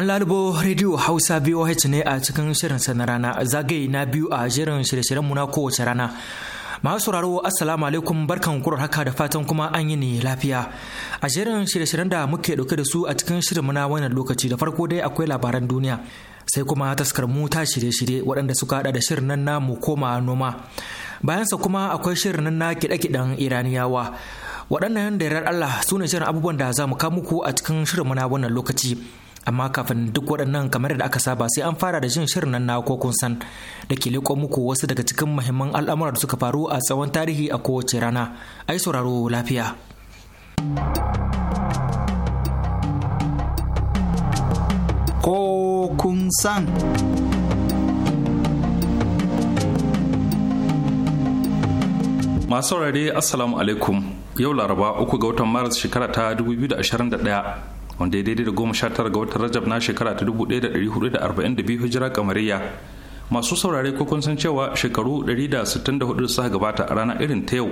An lalubo rediyo Hausa VOH ne a cikin shirinsa na rana zagaye na biyu a shirin shirye-shiryenmu na kowace rana. Masu sauraro Assalamu alaikum barkan kurar haka da fatan kuma an yi ne lafiya. A jerin shirye-shiryen da muke dauke da su a cikin shirin na wannan lokaci da farko dai akwai labaran duniya. Sai kuma taskar mu ta shirye-shirye waɗanda suka haɗa da shirin nan namu koma noma. Bayansa kuma akwai shirin nan na kiɗe Iraniyawa. waɗannan da yarar Allah su ne shirin abubuwan da za mu kawo muku a cikin shirin na wannan lokaci amma kafin duk waɗannan kamar da aka saba sai an fara da jin shirin nan na kokun san da ke leƙo muku wasu daga cikin muhimman al'amura da suka faru a tsawon tarihi a kowace rana ai sauraro lafiya Ko kun san masu rare assalamu alaikum yau laraba uku ga watan maris shekara ta 2021 wanda ya daidai da goma sha tara ga watan rajab na shekara ta dubu ɗaya da ɗari hudu da arba'in da biyu hijira kamariya masu saurare ko kun san cewa shekaru ɗari da sittin da hudu suka gabata a rana irin ta yau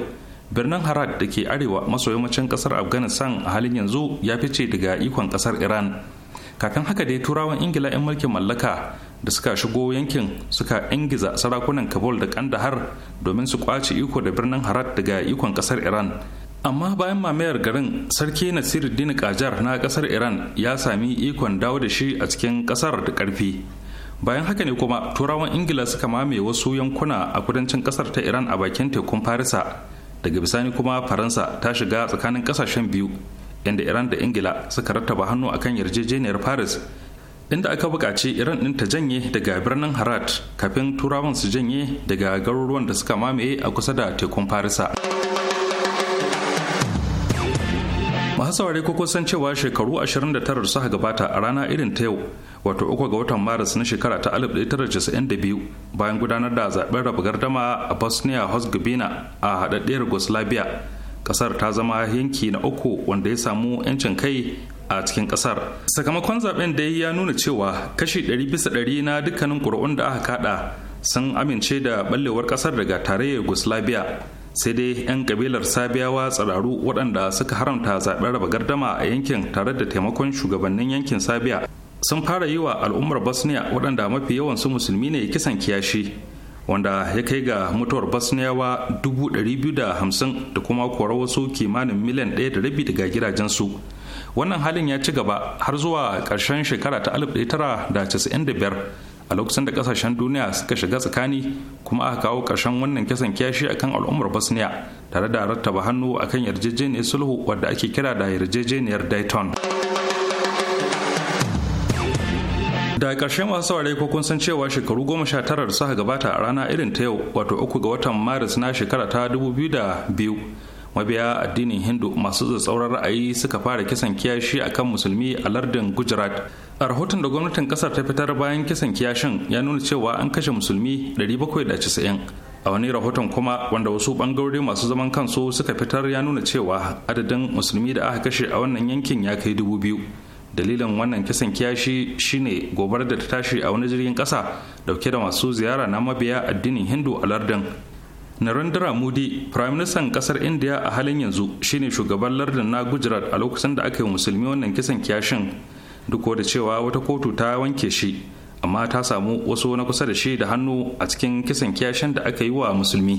birnin harad da ke arewa maso yammacin kasar afghanistan a halin yanzu ya fice daga ikon kasar iran kakan haka dai turawan ingila 'yan mulkin mallaka da suka shigo yankin suka ingiza sarakunan kabul da kandahar domin su kwace iko da birnin harad daga ikon kasar iran amma bayan mamayar garin sarki nasiruddin kajar na kasar iran ya sami ikon dawo da shi a cikin kasar da karfi bayan haka ne kuma turawan ingila suka mame wasu yankuna a kudancin kasar ta iran a bakin tekun farisa daga bisani kuma faransa ta shiga tsakanin kasashen biyu inda iran da ingila suka rattaba hannu a kan yarjejeniyar paris inda aka bukaci iran ɗin ta janye daga birnin harat kafin turawan su janye daga garuruwan da suka mamaye a kusa da tekun farisa masu ko kusan cewa shekaru 29 suka gabata a rana irin ta yau wato uku ga watan maris na shekara ta 1992 bayan gudanar da zaben raba gardama a bosnia herzegovina a haɗaɗɗiyar yugoslavia ƙasar ta zama yanki na uku wanda ya samu 'yancin kai a cikin kasar sakamakon zaben da ya nuna cewa kashi 100 bisa 100 na dukkanin ƙuri'un da aka kada sun amince da ɓallewar ƙasar daga tarayyar yugoslavia sai dai 'yan kabilar sabiyawa tsiraru waɗanda suka haramta zaɓen raba gardama a yankin tare da taimakon shugabannin yankin sabiya sun fara yi wa al'ummar bosnia waɗanda mafi yawansu musulmi ne kisan kiyashi wanda ya kai ga mutuwar bosniyawa biyu da kuma korar wasu kimanin miliyan ɗaya da rabi daga gidajensu wannan halin ya ci gaba har zuwa ƙarshen shekara ta alif da 1995 a lokacin da kasashen duniya suka shiga tsakani kuma aka kawo ƙarshen wannan kisan kyashi akan al'ummar bosnia tare da rattaba hannu akan yarjejeniyar sulhu wadda ake kira da yarjejeniyar dayton da karshen masu saurare ko kun san cewa shekaru goma sha tara da suka gabata a rana irin ta yau wato uku ga watan maris na shekara ta dubu biyu da biyu mabiya addinin hindu masu tsatsauran ra'ayi suka fara kisan kiyashi a kan musulmi a lardin gujarat a rahoton da gwamnatin kasar ta fitar bayan kisan kiyashin ya nuna cewa an kashe musulmi 790 a wani rahoton kuma wanda wasu bangarori masu zaman kansu suka fitar ya nuna cewa adadin musulmi da aka kashe a wannan yankin ya kai dubu biyu dalilin wannan kisan kiyashi shine gobar da ta tashi a wani jirgin kasa dauke da masu ziyara na mabiya addinin hindu a lardin Narendra Modi, Firaministan ƙasar India a halin yanzu shine shugaban lardin na Gujarat a lokacin da aka yi musulmi wannan kisan kyashin duk da cewa wata kotu ta wanke shi amma ta samu wasu na kusa da shi da hannu a cikin kisan kyashin da aka yi wa musulmi.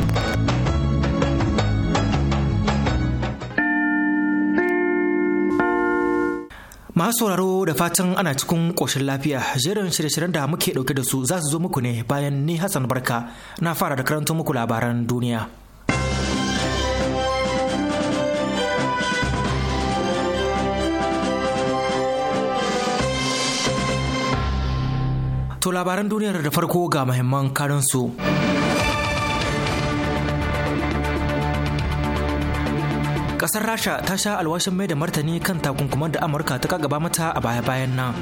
Masu sauraro da fatan ana cikin ƙoshin lafiya jerin shirye-shiryen da muke ɗauke da su za su zo muku ne bayan ni Hassan Barka na fara da karantar muku labaran duniya. To labaran duniyar da farko ga muhimman karansu. su. kasar rasha ta sha alwashin mai da martani kan takunkumar da amurka ta kagaba mata a baya-bayan nan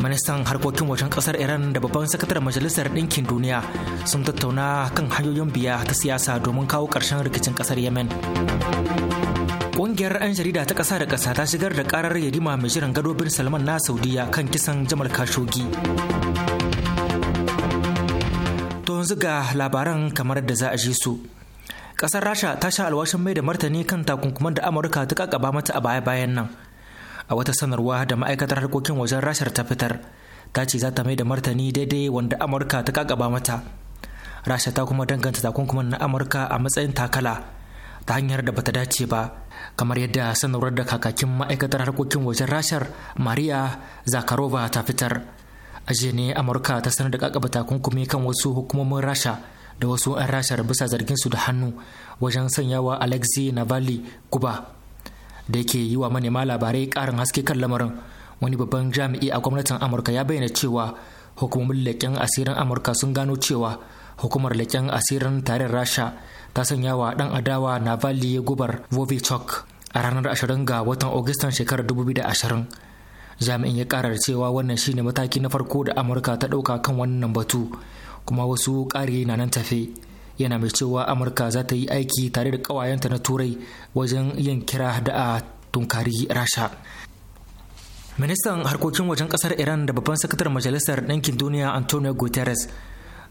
ministan harkokin wajen kasar iran da babban sakataren majalisar ɗinkin duniya sun tattauna kan hanyoyin biya ta siyasa domin kawo ƙarshen rikicin kasar yemen Ƙungiyar 'yan jarida ta ƙasa da ƙasa ta shigar da ƙarar yarima mai jiran gado bin Salman na Saudiya kan kisan Jamal Khashoggi. To yanzu ga labaran kamar da za a ji su. Ƙasar Rasha ta sha alwashin mai da martani kan takunkuman da Amurka ta kakaba mata a baya-bayan nan. A wata sanarwa da ma'aikatar harkokin wajen Rashar ta fitar, ta ce za ta mai da martani daidai wanda Amurka ta kakaba mata. Rasha ta kuma danganta takunkuman na Amurka a matsayin takala ta hanyar da bata dace ba, kamar yadda sanarwar da kakakin ma'aikatar harkokin wajen Rashar Maria Zakharova ta fitar. A ne Amurka ta sanar da kakaba takunkumi kan wasu hukumomin Rasha da wasu 'yan rashar bisa zargin su da hannu wajen sanyawa alexei navalny guba da yake yi wa manema labarai karin haske kan lamarin wani babban jami'i a gwamnatin amurka ya bayyana cewa hukumomin leƙen asirin amurka sun gano cewa hukumar leƙen asirin tarin rasha ta sanyawa wa ɗan adawa navalny gubar vovichok a ranar 20 ga watan agustan shekarar 2020 jami'in ya karar cewa wannan shine mataki na farko da amurka ta ɗauka kan wannan batu kuma wasu ƙari na nan tafe yana mai cewa amurka za ta yi aiki tare da ƙawayenta na turai wajen yin kira da a tunkari rasha ministan harkokin wajen kasar iran da babban sakatar majalisar ɗinkin duniya antonio guterres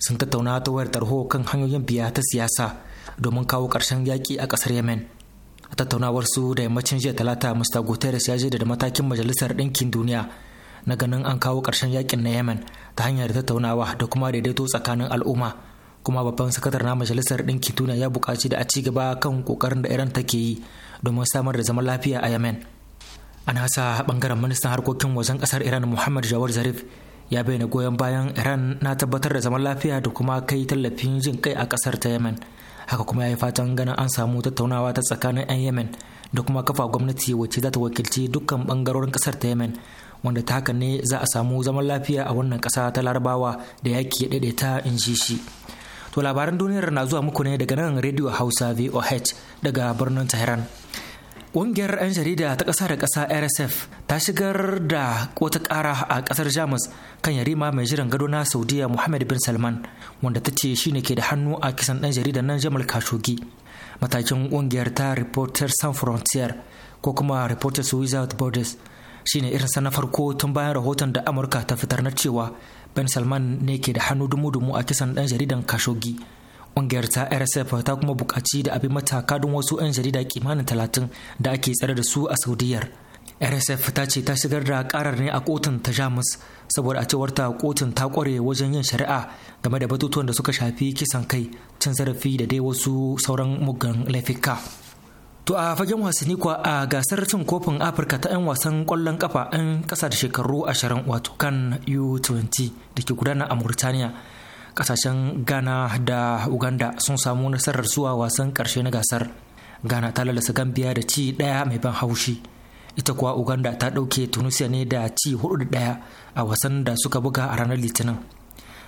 sun tattauna ta wayar tarho kan hanyoyin biya ta siyasa domin kawo ƙarshen yaƙi a ƙasar yemen a tattaunawar su da yammacin jiya talata mr guterres ya je da matakin majalisar ɗinkin duniya na ganin an kawo ƙarshen yakin na yemen ta hanyar tattaunawa da kuma daidaito tsakanin al'umma kuma babban sakatar na majalisar ɗinki tuna ya buƙaci da a ci gaba kan ƙoƙarin da iran take yi domin samar da zaman lafiya a yemen a nasa ɓangaren ministan harkokin wajen ƙasar iran muhammad jawar zarif ya bayyana goyon bayan iran na tabbatar da zaman lafiya da kuma kai tallafin jin kai a ƙasar ta yemen haka kuma ya yi fatan ganin an samu tattaunawa ta tsakanin 'yan yemen da kuma kafa gwamnati wacce za ta wakilci dukkan ɓangarorin ƙasar ta yemen wanda ta hakan ne za a samu zaman lafiya a wannan ƙasa ta larabawa da yaki ya daidaita in ji shi to labaran duniyar na zuwa muku ne daga nan radio hausa voh daga birnin tehran Ƙungiyar 'yan jarida ta ƙasa da ƙasa RSF ta shigar da wata ƙara a ƙasar Jamus kan yarima mai jiran gado na Saudiya Muhammad bin Salman wanda ta ce shine ke da hannu a kisan ɗan jaridan nan Jamal Khashoggi. Matakin ƙungiyar ta Reporters Sans Frontier ko kuma Reporters Without Borders shine irinsa na farko tun bayan rahoton da amurka ta fitar na cewa ben salman ne ke da hannu dumu-dumu a kisan ɗan jaridan kashogi ƙungiyar ta rsf ta kuma buƙaci da abin mataka don wasu 'yan jarida kimanin talatin da ake tsare da su a saudiyar rsf ta ce ta shigar da karar ne a kotun ta jamus saboda a cewar ta kotun ta kware wajen yin shari'a game da batutuwan da suka shafi kisan kai cin zarafi da dai wasu sauran muggan laifuka. To a fagen wasanni kuwa a gasar cin kofin Afirka ta 'yan wasan kwallon kafa 'yan ƙasa da shekaru ashirin wato kan U20 da ke gudana a Murtaniya. Kasashen Ghana da Uganda sun samu nasarar zuwa wasan ƙarshe na gasar. Ghana ta lalasa Gambia da ci ɗaya mai ban haushi. Ita kuwa Uganda ta ɗauke Tunisia ne da ci hudu da ɗaya a wasan da suka buga a ranar Litinin.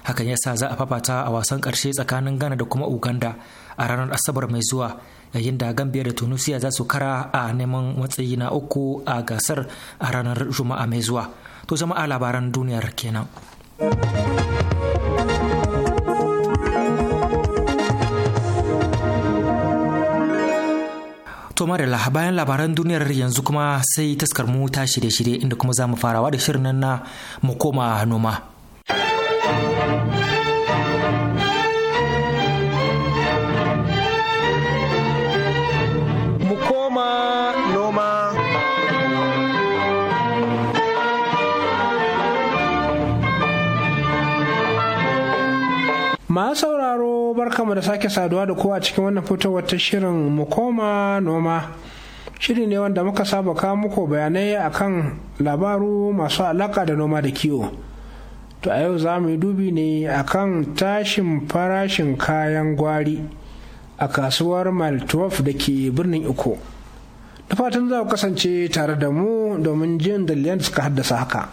hakan ya sa za a fafata a wasan ƙarshe tsakanin ghana da kuma uganda a ranar asabar mai zuwa yayin da gambia da tunisia za su kara a neman matsayi na uku a gasar a ranar juma'a mai zuwa to jama'a labaran duniyar kenan To bayan labaran duniyar yanzu kuma sai taskar mu ta shirye-shirye inda kuma za mu farawa da shirin na mu koma noma. Ma sauraro barkamu da sake saduwa da kowa cikin wannan fitowar ta shirin mu koma noma. Shiri ne wanda muka saba kawo muku bayanai akan labaru masu alaka da noma da kiwo. To a yau za mu yi dubi ne akan tashin farashin kayan gwari a kasuwar Maltwaf da ke birnin Iko. Da fatan za ku kasance tare da mu domin jin dalilan da suka haddasa haka.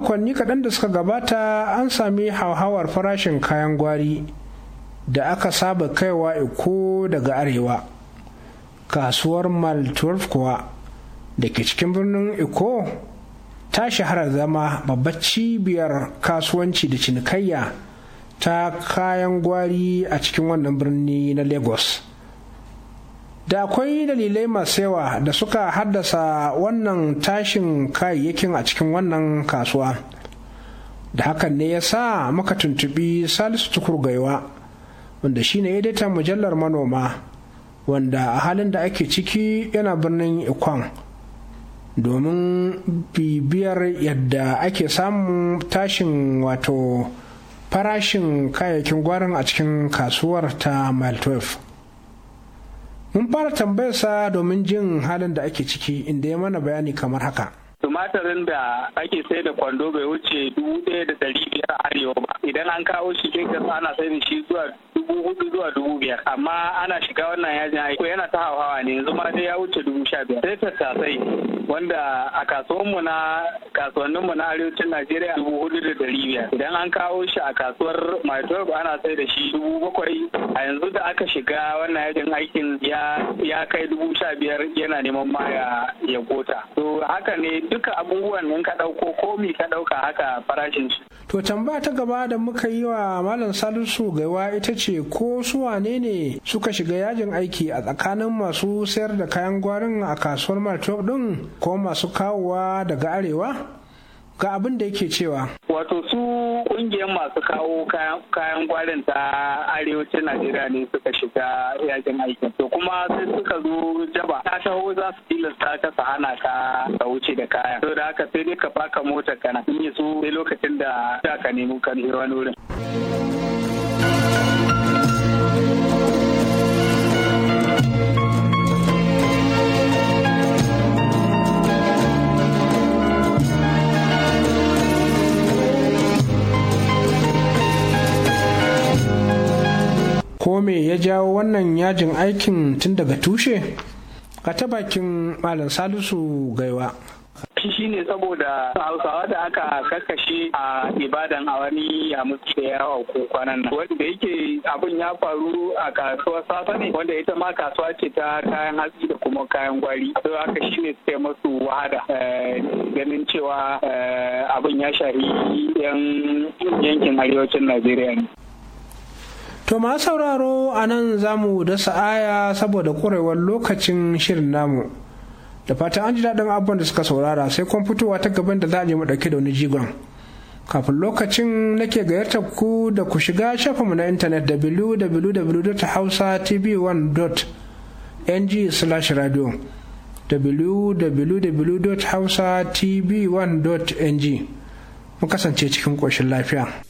makonni kaɗan da suka gabata an sami hauhawar farashin kayan gwari da aka saba kaiwa iko daga arewa kasuwar mal kuwa da ke cikin birnin iko ta shahara zama babbar cibiyar kasuwanci da cinikayya ta kayan gwari a cikin wannan birni na lagos da akwai dalilai masu yawa da suka haddasa wannan tashin kayayyakin a cikin wannan kasuwa da hakan ne ya sa maka tuntubi salisu tukur gaiwa wanda shi ne ya mujallar manoma wanda a halin da ake ciki yana birnin ikon domin bibiyar yadda ake samun tashin wato farashin kayayyakin gwarin a cikin kasuwar ta mile 12 mun fara tambayarsa domin jin halin da ake ciki inda ya mana bayani kamar haka tumatirin da ake sai da kwando bai wuce dubu ɗaya da ɗari biyar arewa ba idan an kawo shi kin ana sai da shi zuwa dubu hudu zuwa dubu biyar amma ana shiga wannan yajin aiki yana ta hawa ne yanzu ma dai ya wuce dubu sha biyar sai tattasai wanda a kasuwanmu na mu na arewacin najeriya dubu hudu da dari biyar idan an kawo shi a kasuwar maitorb ana sai da shi dubu bakwai a yanzu da aka shiga wannan yajin aikin ya kai dubu sha biyar yana neman ma ya gota to haka ne duka abubuwan in ka ɗauko komi ka ɗauka haka farashin shi to tambaya ta gaba da muka yi wa malam salisu gaiwa ita ce ce ko su wane ne suka shiga yajin aiki a tsakanin masu sayar da kayan gwarin a kasuwar martop din ko masu kawowa daga arewa ga abin da yake cewa. Wato su kungiyar masu kawo kayan gwarin ta arewacin Najeriya ne suka shiga yajin aiki. To kuma sai suka zo jaba ta taho za su tilasta ta su hana ka ka wuce da kaya To da haka sai dai ka baka mota kana in yi su sai lokacin da ka nemi kan wani wurin. ko me ya jawo wannan yajin aikin tun daga tushe ka ta bakin malam salisu gaiwa shi ne saboda hausawa da aka kakashe a ibadan a wani ya mutu ya ko kwanan nan wanda yake abin ya faru a kasuwar safa ne wanda ita ma kasuwa ce ta kayan hatsi da kuma kayan gwari don aka shi ne sai masu wahada eh, ganin cewa eh, abin ya shari yan yankin arewacin najeriya ne To ma sauraro a nan za mu dasa aya saboda ƙurewar lokacin shirin namu. Da fatan an ji daɗin abubuwan da suka saurara sai kuma fitowa ta gaban da za a je mu ɗauke da wani jigon. Kafin lokacin nake gayyatar ku da ku shiga mu na intanet www.hausatv1.ng/radio www.hausatv1.ng mu kasance cikin ƙoshin lafiya.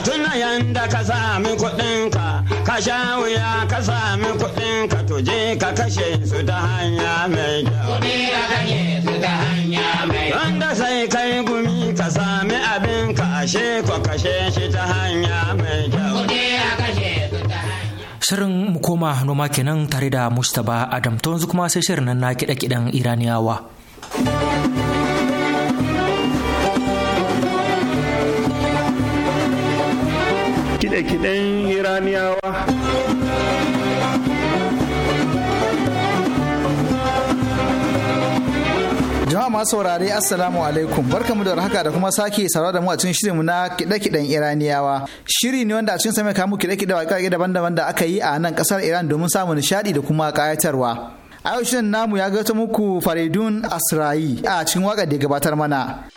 ka tuna yanda ka sami kuɗinka ka sha wuya ka sami kuɗinka tuje ka kashe su ta hanya mai kyau wanda sai kai gumi ka sami abin ka ashe ko kashe shi ta hanya mai kyau shirin mu koma noma kenan tare da mustaba adam to yanzu kuma sai shirin nan na kida kidan iraniyawa kide-kiden iraniyawa jama'a masu saurare assalamu alaikum barkamu da warhaka da kuma sake saurara da mu a cikin shirin mu na kide-kiden iraniyawa shiri ne wanda a cikin mai kamu kide-kide wa kake daban-daban da aka yi a nan kasar iran domin samun nishadi da kuma kayatarwa a yau shirin namu ya gato muku faridun asra'i a cikin waka da gabatar mana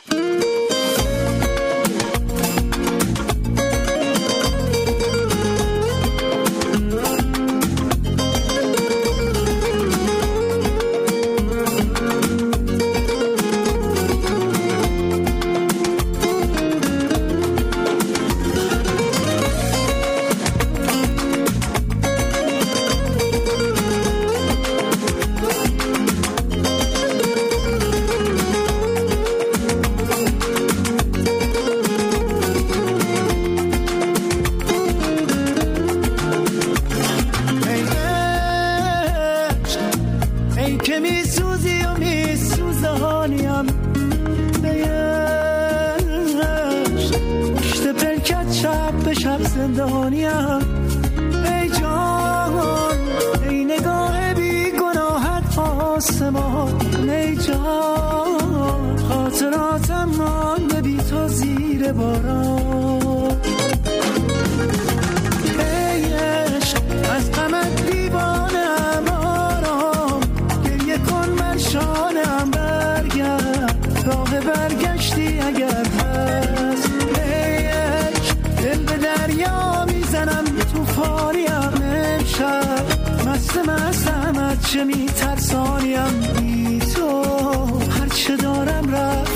چه میترسانیم بی تو هرچه دارم رفت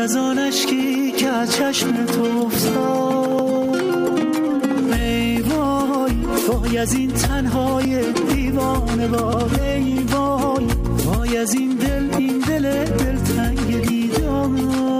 از آن اشکی که چشم تو افتاد ای وای وای از این تنهای دیوانه با ای وای وای از این دل این دل دل تنگ دیدم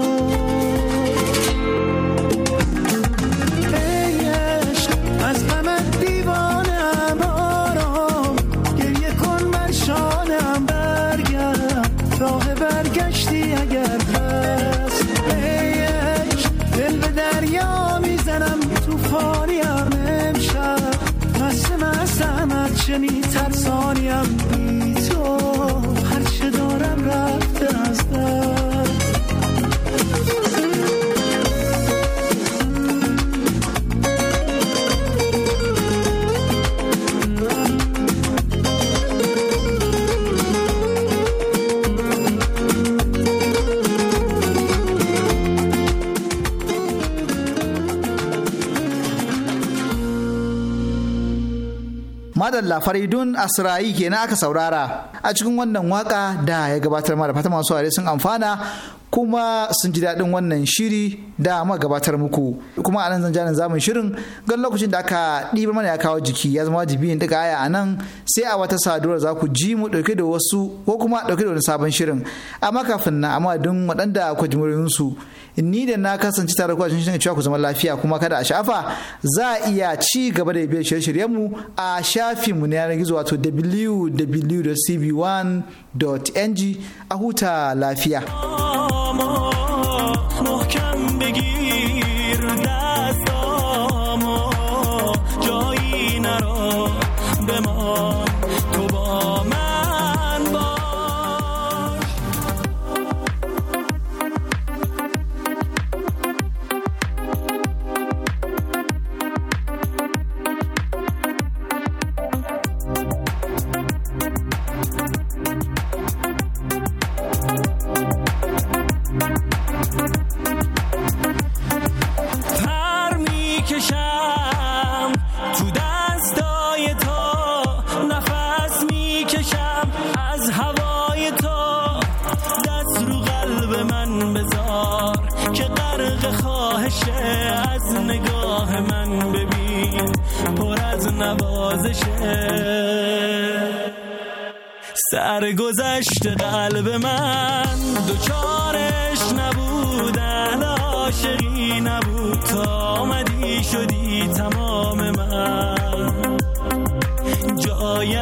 madalla faridun asirayi kenan aka saurara a cikin wannan waka da ya gabatar mara fata masu ware sun amfana kuma sun ji daɗin wannan shiri da ma gabatar muku kuma a nan zan zamun shirin gan lokacin da aka ɗiba mana ya kawo jiki ya zama wajibi yin ɗiga aya a nan sai a wata saduwar za ku ji mu ɗauke da wasu ko kuma ɗauke da wani sabon shirin amma kafin na amma don waɗanda ku ji ni da na kasance tare kuwa a cikin cewa ku zama lafiya kuma kada a shafa za a iya ci gaba da biyar shirye mu a shafin mu na yanar gizo wato www.cb1.ng a huta lafiya. نبود تا آمدی شدی تمام من جای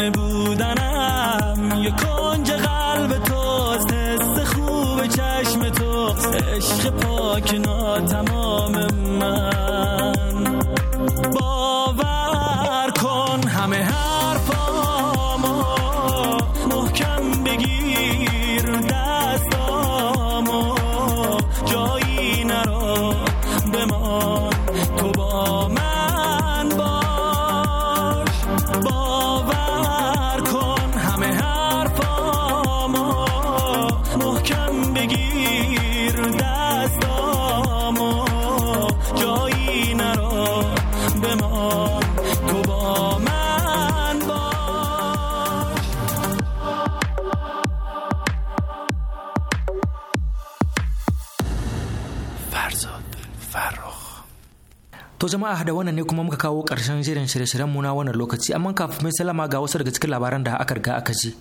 نبودنم یه کنج قلب تو حس خوب چشم تو عشق پاک تمام من To jama'a da wannan ne kuma muka kawo ƙarshen jirin shirye-shiryen mu na wannan lokaci amma kafin mai salama ga wasu daga cikin labaran da aka riga aka ji.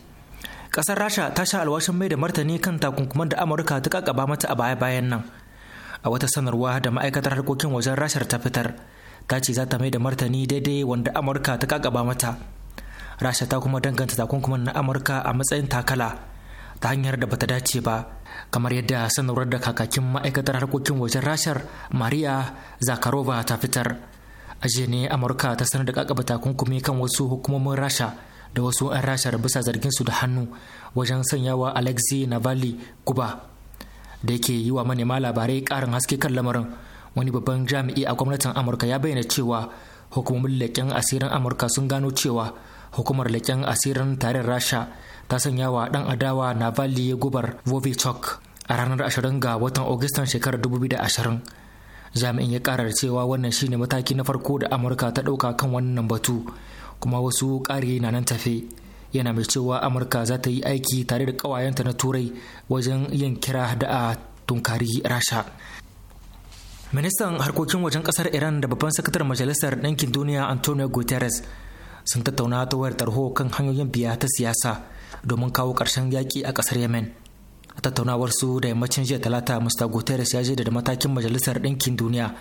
Ƙasar Rasha ta sha alwashin mai da martani kan takunkuman da Amurka ta kakaba mata a baya-bayan nan. A wata sanarwa da ma'aikatar harkokin wajen Rashar ta fitar ta ce za ta mai da martani daidai wanda Amurka ta kakaba mata. Rasha ta kuma danganta takunkuman na Amurka a matsayin takala ta hanyar da bata dace ba. kamar yadda sanarwar da kakakin ma'aikatar harkokin wajen rashar maria zakarova ta fitar a ne amurka ta sanar da kakaba takunkumi kan wasu hukumomin rasha da wasu 'yan rashar bisa zargin su da hannu wajen sanyawa alexei navalny guba da yake yi wa manema labarai karin haske kan lamarin wani babban jami'i a gwamnatin amurka ya bayyana cewa hukumomin leƙen asirin amurka sun gano cewa hukumar leƙen asirin tarin rasha ta sanya wa dan adawa Navalny gubar vovichok a ranar 20 ga watan Agustan shekarar 2020. Jami'in ya karar cewa wannan shine mataki na farko da Amurka ta ɗauka kan wannan batu kuma wasu ƙari na nan tafe. Yana mai cewa Amurka za ta yi aiki tare da ƙawayenta na Turai wajen yin kira da a tunkari Rasha. Ministan harkokin wajen kasar Iran da babban sakatar Majalisar Ɗinkin Duniya Antonio Guterres sun tattauna ta wayar tarho kan hanyoyin biya ta siyasa domin kawo ƙarshen yaƙi a ƙasar yemen a tattaunawar su da yammacin jiya talata mr guterres ya je da matakin majalisar ɗinkin duniya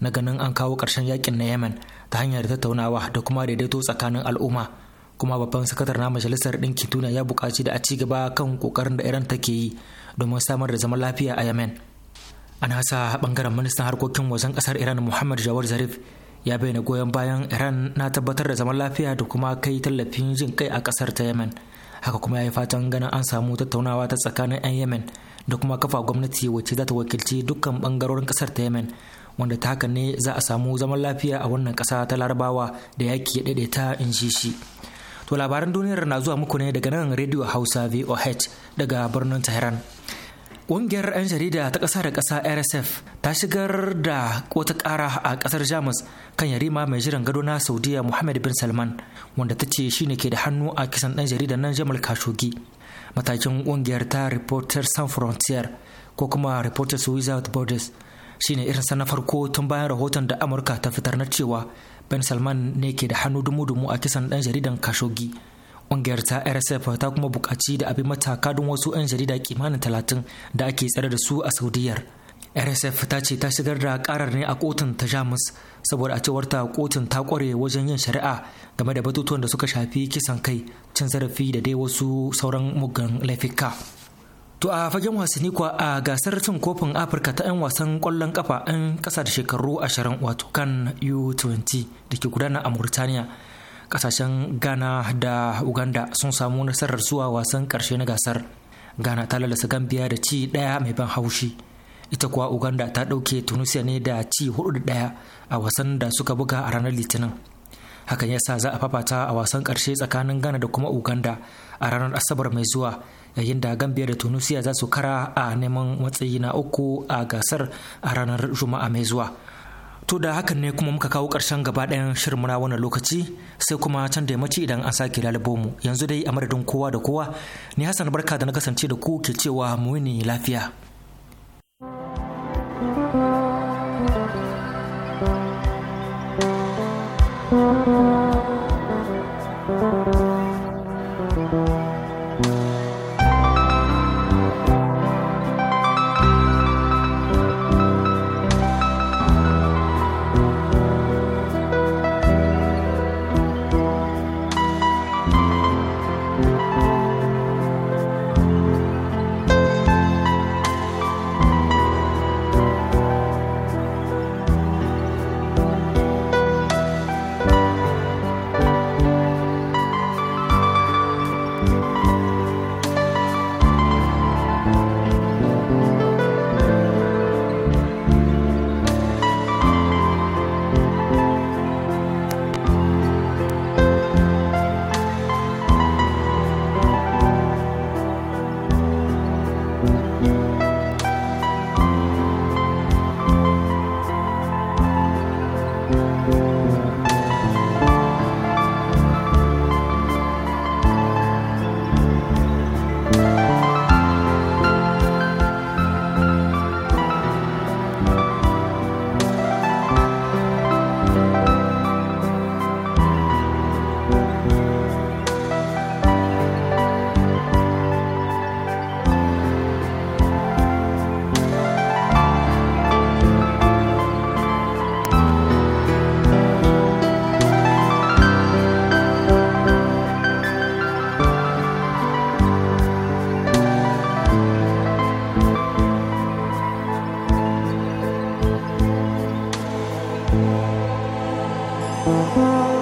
na ganin an kawo ƙarshen yaƙin na yemen ta hanyar tattaunawa da kuma daidaito tsakanin al'umma kuma babban sakatar na majalisar ɗinkin duniya ya buƙaci da a ci gaba kan ƙoƙarin da iran take yi domin samar da zaman lafiya a yemen an hasa ɓangaren ministan harkokin wajen ƙasar iran muhammad jawar zarif ya bayyana goyon bayan iran na tabbatar da zaman lafiya da kuma kai tallafin jin kai a kasar ta yemen haka kuma ya yi fatan ganin an samu tattaunawa ta tsakanin 'yan yemen da kuma kafa gwamnati wacce za ta wakilci dukkan bangarorin kasar ta yemen wanda ta haka ne za a samu zaman lafiya a wannan kasa ta larabawa da yaki ya daidaita in shi shi to labaran duniyar na zuwa muku ne daga nan radio hausa voh daga birnin tehran Ƙungiyar 'yan jarida ta ƙasa da ƙasa RSF ta shigar da wata ƙara a ƙasar Jamus kan yarima mai jiran gado na Saudiya Muhammad bin Salman wanda ta ce shine ke da hannu a kisan ɗan jaridan nan Jamal Khashoggi. Matakin ƙungiyar ta Reporters Sans Frontier ko kuma Reporters Without Borders shine irin sa farko tun bayan rahoton da Amurka ta fitar na cewa bin Salman ne ke da hannu dumu-dumu a kisan ɗan jaridan Khashoggi. Ƙungiyar ta RSF ta kuma buƙaci da abin mataka don wasu 'yan jarida kimanin talatin da ake tsare da su a Saudiyar. RSF ta ce ta shigar da karar ne a kotun ta Jamus saboda a cewar ta kotun ta kware wajen yin shari'a game da batutuwan da suka shafi kisan kai cin zarafi da dai wasu sauran muggan laifuka. To a fagen wasanni kuwa a gasar cin kofin Afirka ta 'yan wasan kwallon kafa 'yan ƙasa da shekaru ashirin wato kan U20 da ke gudana a Mauritania. kasashen ghana da uganda sun samu nasarar zuwa wasan karshe na gasar ghana ta lalasa gambia da ci daya mai ban haushi ita kuwa uganda ta dauke tunisia ne da ci hudu da daya a wasan da suka buga a ranar litinin hakan ya sa za a fafata a wasan karshe tsakanin ghana da kuma uganda a ranar asabar mai zuwa yayin da gambia da tunisia za su kara a neman matsayi na uku a gasar a ranar juma'a mai zuwa To da hakan ne kuma muka kawo ƙarshen gaba ɗayan shirin na wannan lokaci sai kuma can da mace idan an sake lalabo mu yanzu dai a madadin kowa da kowa ni Hassan barka da na kasance da ku ke cewa mu ne lafiya. Música